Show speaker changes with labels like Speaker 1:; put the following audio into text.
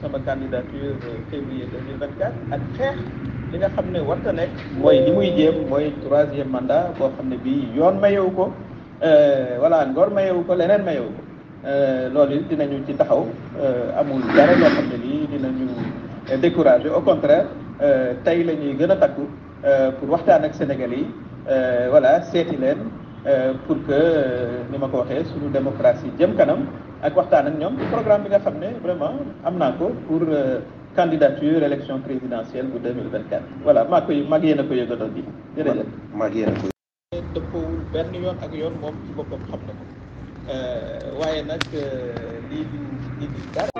Speaker 1: sama candidature euh, février 2024 ak xeex li nga xam ne war ta nekk mooy li muy jéem mooy troisième mandat boo xam ne bii yoon mayewu ko euh, voilà ngor mayewu ko leneen mayewu ko euh, loolu it dinañu ci taxaw amul dara loo xam ne lii dinañu découragé au contraire tey la ñuy gën a takku pour waxtaan ak Sénégal yi voilà seeti leen Euh, pour que euh, ni ma ko waxee suñu démocratie jëm kanam ak waxtaan ak ñoom programme bi nga xam ne vraiment am naa ko pour euh, candidature élection présidentielle bu 2024 voilà maa koy mag yéen a ko yëgaloon bi jërëjëf mag yéen a ko
Speaker 2: dëppoowul benn yoon ak yoon moom ci boppam xam na ko waaye nag lii di lii di dara